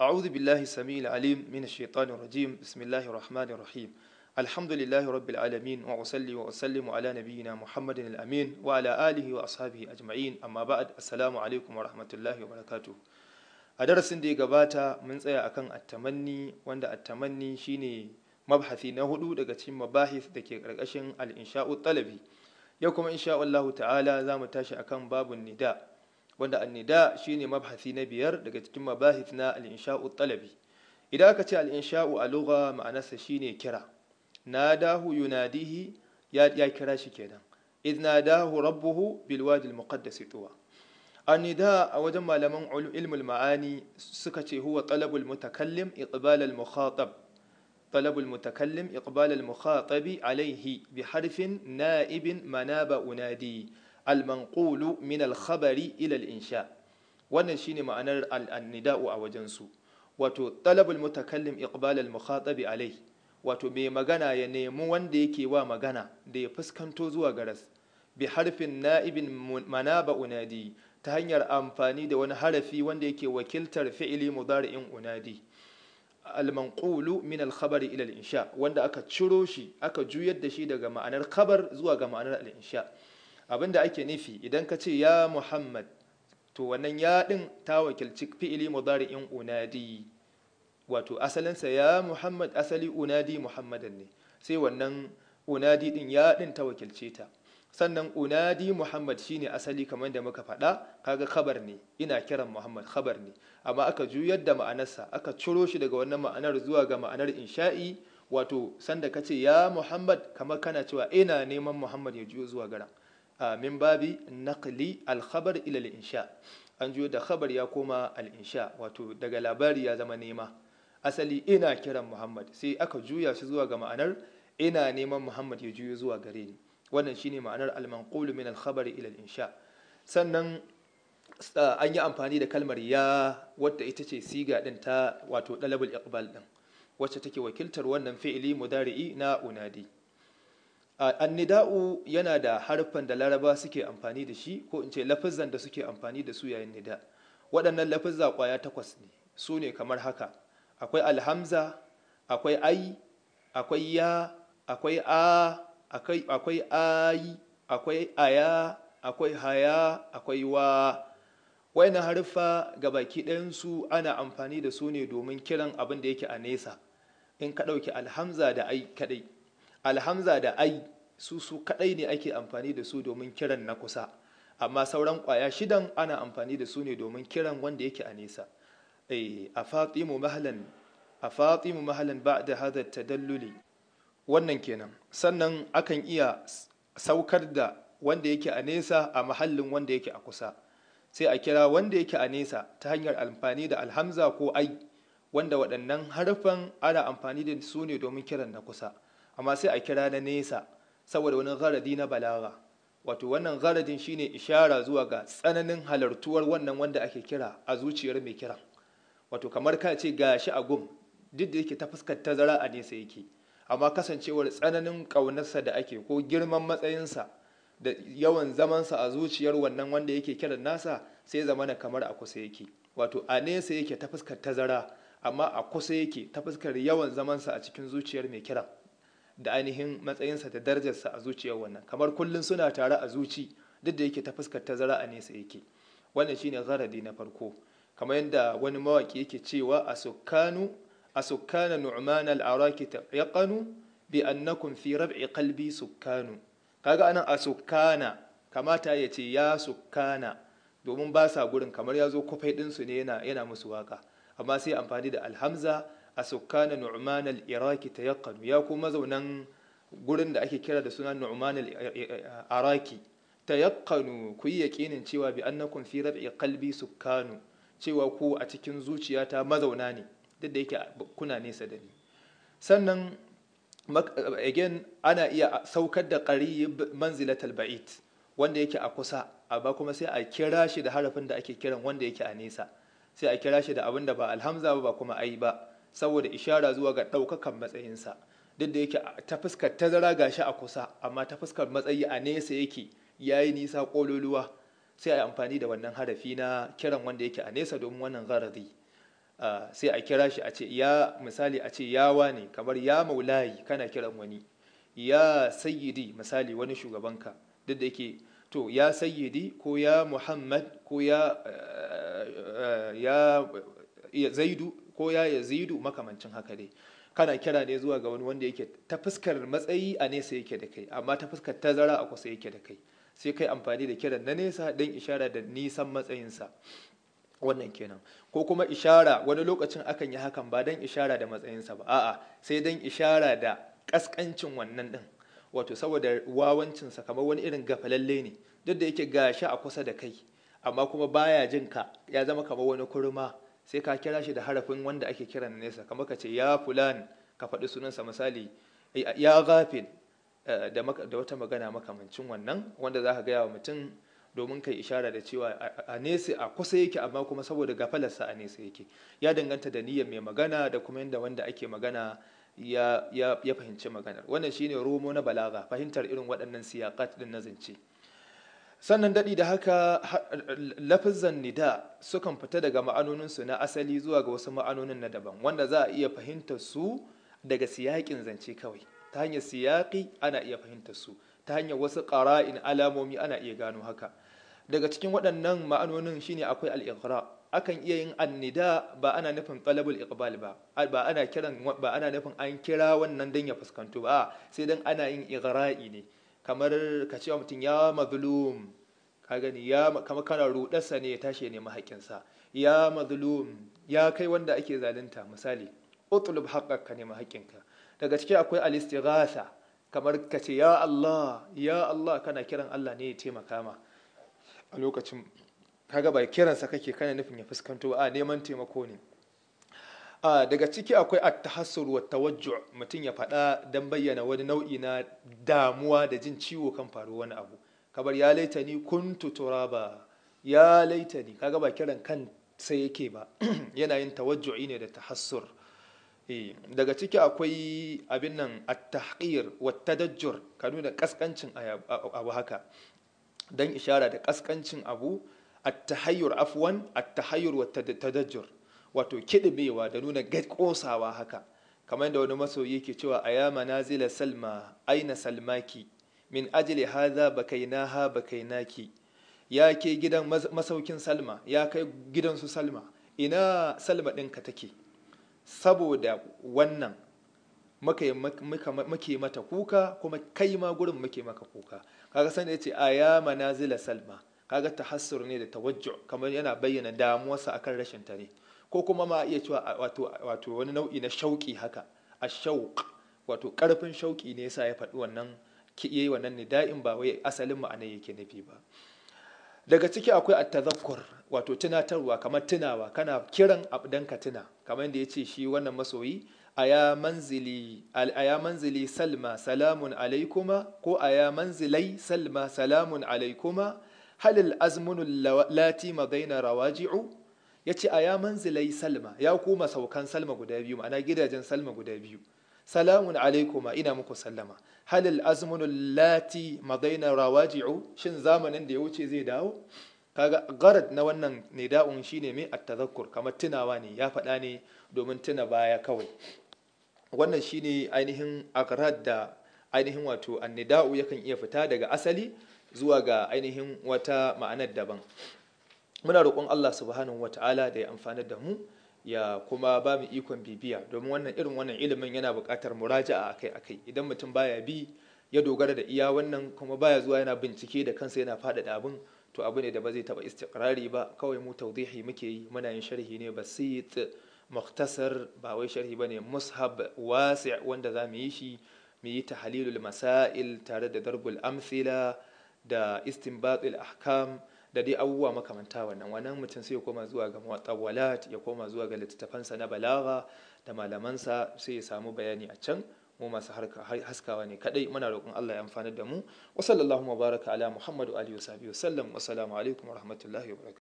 أعوذ بالله السميع العليم من الشيطان الرجيم بسم الله الرحمن الرحيم الحمد لله رب العالمين وأصلي وأسلم على نبينا محمد الأمين وعلى آله وأصحابه أجمعين أما بعد السلام عليكم ورحمة الله وبركاته a darasin da ya gabata mun tsaya akan attamanni wanda attamanni shine mabhasi na huɗu daga cikin mabahis da ke karkashin al-insha'u talabi yau kuma insha Allah ta'ala zamu tashi akan babu nida wanda annida shine mabhasi na biyar daga cikin mabahis na al-insha'u talabi idan aka ce al-insha'u a lugha ma'anarsa shine kira nadahu yunadihi ya ya kira shi kenan idh nadahu rabbuhu bil wadi al-muqaddas tuwa annida a wajen malaman ilmul ma'ani suka ce huwa talabul mutakallim iqbal al-mukhatab talabul mutakallim iqbal al-mukhatabi alayhi bi harfin na'ibin manaba unadi almanqulu min alkhabari ilal insha wannan shine ma'anar al a wajen su wato talabul mutakallim iqbal al alai wato mai magana ya nemi wanda yake wa magana da ya fuskanto zuwa garas bi harfin na'ibin manaba unadi ta hanyar amfani da wani harafi wanda yake wakiltar fi'ili mudari'in unadi al-manqulu min alkhabari khabari ila al-insha wanda aka ciro shi aka juyar da shi daga ma'anar khabar zuwa ga ma'anar al-insha Abin da ake nufi idan ka ce ya muhammad to wannan ya din ta wakilci fi'ili mudari'in unadi wato asalinsa ya muhammad asali unadi muhammadan ne sai wannan unadi din ya din ta wakilce ta sannan unadi muhammad shine asali kamar da muka faɗa kaga khabar ne ina kiran muhammad khabar ne amma aka juyar da ma'anarsa aka ciro shi daga wannan ma'anar zuwa ga ma'anar insha'i wato sanda ka ce ya muhammad kamar kana cewa ina neman muhammad ya juyo zuwa garan min babi naqli al-khabar ila al-insha an juyo da khabar ya koma al-insha wato daga labari ya zama nema asali ina kiran Muhammad sai aka juya shi zuwa ga ma'anar ina neman Muhammad ya juyo zuwa gare ni wannan shine ma'anar al-manqul min al-khabar ila al-insha sannan an yi amfani da kalmar ya wadda ita ce siga din ta wato dalabul iqbal din wacce take wakiltar wannan fi'ili mudari'i na unadi annida'u yana da harfan da laraba suke amfani da shi ko in ce lafazan da suke amfani da su yayin nida waɗannan lafazza ƙwaya takwas ne su ne kamar haka akwai alhamza akwai ai akwai ya akwai a akwai ayi akwai aya akwai haya akwai wa wayannan harfa ga baki ɗayansu ana amfani da su ne domin kiran abin da yake a nesa in ka ɗauki alhamza da ai kaɗai alhamza da ai su su kadai ne ake amfani da su domin kiran na kusa amma sauran kwaya shidan ana amfani da su ne domin kiran wanda yake a nesa eh, a fatimu mahalan a ba da hada tadalluli wannan kenan sannan akan iya saukar da wanda yake a nesa a mahallin wanda yake a kusa sai a kira wanda yake a nesa ta hanyar amfani da alhamza ko ai wanda waɗannan harfan ana amfani da su ne domin kiran na kusa amma sai a kira na nesa saboda wani gharadi na balaga wato wannan gharadin shine ishara zuwa ga tsananin halartuwar wannan wanda ake kira a zuciyar mai kira wato kamar ka ce gashi a gum duk da yake ta fuskar tazara a nesa yake amma kasancewar tsananin kaunarsa da ake ko girman matsayinsa da yawan zamansa a zuciyar wannan wanda yake kiran nasa sai zamana kamar a kusa yake wato a nesa yake ta fuskar tazara amma a kusa yake ta fuskar yawan zamansa a cikin zuciyar mai kiran da ainihin matsayinsa da darajarsa a zuciyar wannan kamar kullum suna tare a zuci duk da yake ta fuskar tazara a nesa yake wannan shine gharadi na farko kamar yadda wani mawaki yake cewa asukanu asukana nu'man al-araki yaqanu bi annakum fi rab'i qalbi sukkanu kaga anan asukana kamata ya ce ya Sukana. domin ba sa gurin kamar ya zo kufai ɗinsu ne yana yana musu waka amma sai amfani da alhamza a sukkana nu'man al-iraki tayaqqanu ya ku mazaunan gurin da ake kira da suna nu'man al-iraki tayaqqanu ku yi yakinin cewa bi kun fi rab'i qalbi sukkanu cewa ku a cikin zuciyata mazauna ne duk da yake kuna nesa da ni sannan again ana iya saukar da qarib manzilatal ba'id wanda yake a kusa amma kuma sai a kira shi da harafin da ake kiran wanda yake a nesa sai a kira shi da abinda ba alhamza ba kuma ai ba saboda ishara zuwa ga ɗaukakan matsayinsa duk da yake ta fuskar tazara gashi a kusa amma ta fuskar matsayi a nesa yake yi nisa ƙololuwa sai a yi amfani da wannan harafi na kiran wanda yake a nesa domin wannan gharazi sai a kira shi a ce ya misali a ce yawa ne kamar ya maulayi kana kiran wani ya sayyidi misali wani shugabanka duk da yake to ya sayyidi ko ya muhammad ko ya eh, eh, zaidu ko ya yazidu makamancin haka dai kana kira ne zuwa ga wani wanda yake ta fuskar matsayi a nesa yake da kai amma ta fuskar tazara a kusa yake da kai sai kai amfani da kiran na nesa don ishara da nisan matsayinsa wannan kenan ko kuma ishara wani lokacin akan yi hakan ba don ishara da matsayinsa ba a'a sai don ishara da kaskancin wannan din wato saboda wawancinsa kamar wani irin gafalalle ne duk da yake gashi a kusa da kai amma kuma baya jin ka ya zama kamar wani kurma sai ka kira shi da harafin wanda ake kira na nesa kamar ka ce ya fulan ka faɗi sunansa misali ya gafin eh, da wata magana makamancin wannan wanda za ka gaya wa mutum domin kai ishara da cewa a nesa a kusa yake amma kuma saboda gafalarsa a nesa yake ya danganta da niyyar mai magana da kuma yadda wanda ake magana ya fahimci maganar wannan shine romo na balaga fahimtar irin waɗannan siyaƙat din na zance sannan daɗi da haka lafizan nida sukan fita daga ma'anoninsu na asali zuwa ga wasu ma'anonin na daban wanda za a iya fahimtar su daga siyaƙin zance kawai ta hanyar siyaƙi ana iya fahimtar su ta hanyar wasu ƙara'in alamomi ana iya gano haka daga cikin waɗannan ma'anonin shine akwai alikra akan iya yin annida ba ana nufin talabul iqbal ba ba ana kiran ba ana nufin an kira wannan dan ya fuskanto ba sai dan ana yin igra'i ne kamar ka ce wa mutum ya mazlum ka gani ya kama kana rudarsa ne ya tashi ya nemi ya mazlum ya kai wanda ake zalunta misali utlub haqqak ka nemi haƙƙinka daga ciki akwai al kamar ka ce ya Allah ya Allah kana kiran Allah ne ya taimaka ma a lokacin kaga ba kiransa kake kana nufin ya fuskanto a neman taimako ne daga ciki akwai attahassur wa tawajju' mutum ya faɗa dan bayyana wani nau'i na damuwa da jin ciwo kan faru wani abu kabar ya laita kun kuntu turaba ya laita ni kaga ba kiran kan sai yake ba yana yin tawajju'i ne da tahassur e, daga ciki akwai abin nan at-tahqir wa tadajjur ka nuna kaskancin abu haka dan ishara da kaskancin abu at-tahayyur afwan at-tahayyur wa tadajjur wato kiɗimewa da nuna ƙosawa haka kamar da wani masoyi ke cewa a ya zila salma aina salmaki min ajili haza na, ha na ki. ya ke gidan masaukin salma ya kai gidansu salma ina salma ɗinka take saboda wannan muke mata kuka kuma kai ma gurin muke maka kuka kaga san ya ce a ya zila salma kaga tahassur ne da tawajju kamar yana bayyana damuwarsa akan rashin ta ne ko kuma ma iya cewa wato wani nau'i na shauƙi haka a shauƙ wato ƙarfin shauƙi ne yasa ya faɗi wannan kiye wannan nida'in ba wai asalin ma'anar yake nufi ba daga ciki akwai at-tadhakkur wato tunatarwa kamar tunawa kana kiran abu dan ka tuna kamar yadda yace shi wannan masoyi aya manzili aya manzili salma salamun alaikuma ko aya manzilai salma salamun alaikuma hal al-azmunu lati madaina rawaji'u ya ce a ya manzilai salma ya koma saukan salma guda biyu ma'ana gidajen salma guda biyu salamun alaikuma ina muku sallama halil azmunul lati madaina rawaji'u shin zamanin da ya wuce zai dawo kaga garad na wannan nida'un shine mai at kamar tunawa ne ya faɗa ne domin tuna baya kawai wannan shine ainihin agrad da ainihin wato annida'u yakan iya fita daga asali zuwa ga ainihin wata ma'anar daban muna roƙon Allah subhanahu wata'ala da ya amfana da mu ya kuma ba mu ikon bibiya domin wannan irin wannan ilimin yana buƙatar muraja'a akai-akai idan mutum baya bi ya dogara da iya wannan kuma baya zuwa yana bincike da kansa yana faɗaɗa abin to abu ne da ba zai taɓa istiqrari ba kawai mu tawdihi muke yi muna yin sharhi ne basit muktasar ba wai sharhi bane mushab wasi wanda za mu yi shi mu yi tahlilul masail tare da darbul amsila da istinbatul ahkam da dai abubuwa makamanta wannan wannan mutum sai ya koma zuwa ga mutawalat ya koma zuwa ga littattafansa na balaga da malamansa sai ya samu bayani a can mu masu haskawa ne kadai muna roƙon Allah ya amfana da mu wa sallallahu baraka ala muhammadu alihi wa wa sallam wa assalamu alaikum wa rahmatullahi wa barakatuh